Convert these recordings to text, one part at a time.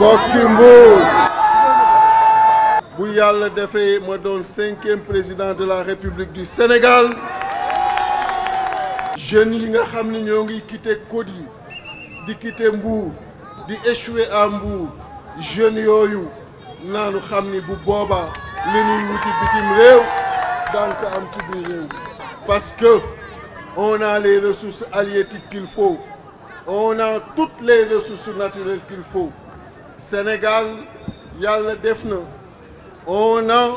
mbokki Mbour bu yàlla defee ma cinquième président de la République du Sénégal Je n'ai nga xam ñoo ngi quitté Cody qui di quitté échoué à Mbou. jeunes yooyu naanu xam ni bu boobaa li ñuy wuti bitim réew dans am parce que on a les ressources halieutiques qu'il faut on a toutes les ressources naturelles qu'il faut Sénégal yàlla def na on a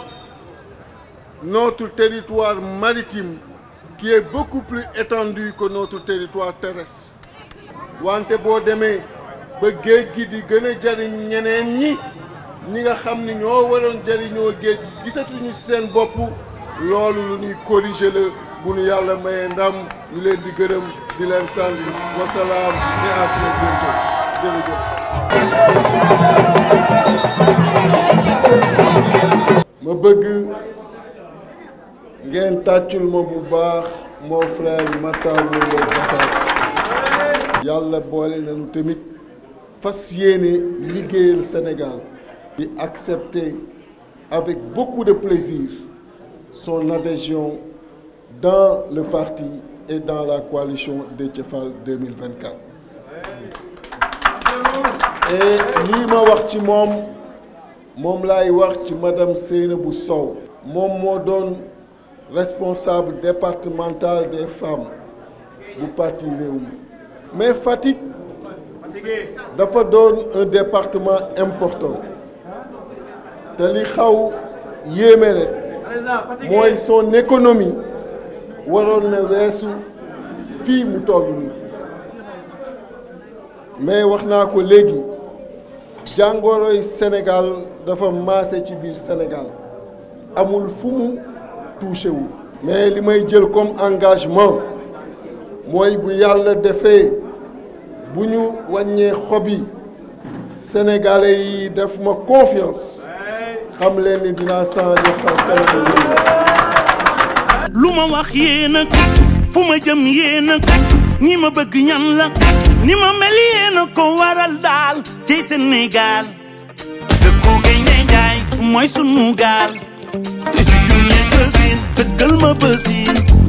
notre territoire maritime qui est beaucoup plus étendu que notre territoire terrestre wante boo demee ba géej gi di gën a jariñ ñeneen ñi ñi nga xam ni ñoo waroon jariñoo géej gi gisatuñu seen bopp loolu lu ñuy corriger le bu ñu yàlla mayee ndam ñu leen di gërëm di leen sant wasalaam ne à très bientôt ma bëgg ngeen vous bu mon frère ma Loum Bataar yàlla boole nañu tamit fas yéene Sénégal et accepter avec beaucoup de plaisir son adhésion dans le parti et dans la coalition de Fall 2024 et nous madame responsable départemental des femmes bu parti mais Fatick dafa donne un département important te li xaw son économie Ou alors là mais collègues, jàngoroy Sénégal dafa massé ci biir Sénégal amul fumu touché wu mais limay jël comme engagement moy bu Yalla défé buñu wagné xobi sénégalais yi def ma confiance xam leen ni dinaa changé wax yéen fuma jëm yéen ñi ma bëgg ñan la ni ma mel yéen ko waral daal ci Sénégal dëkku Gaynde Njaay mooy sunu gaal te ci junne ma bësin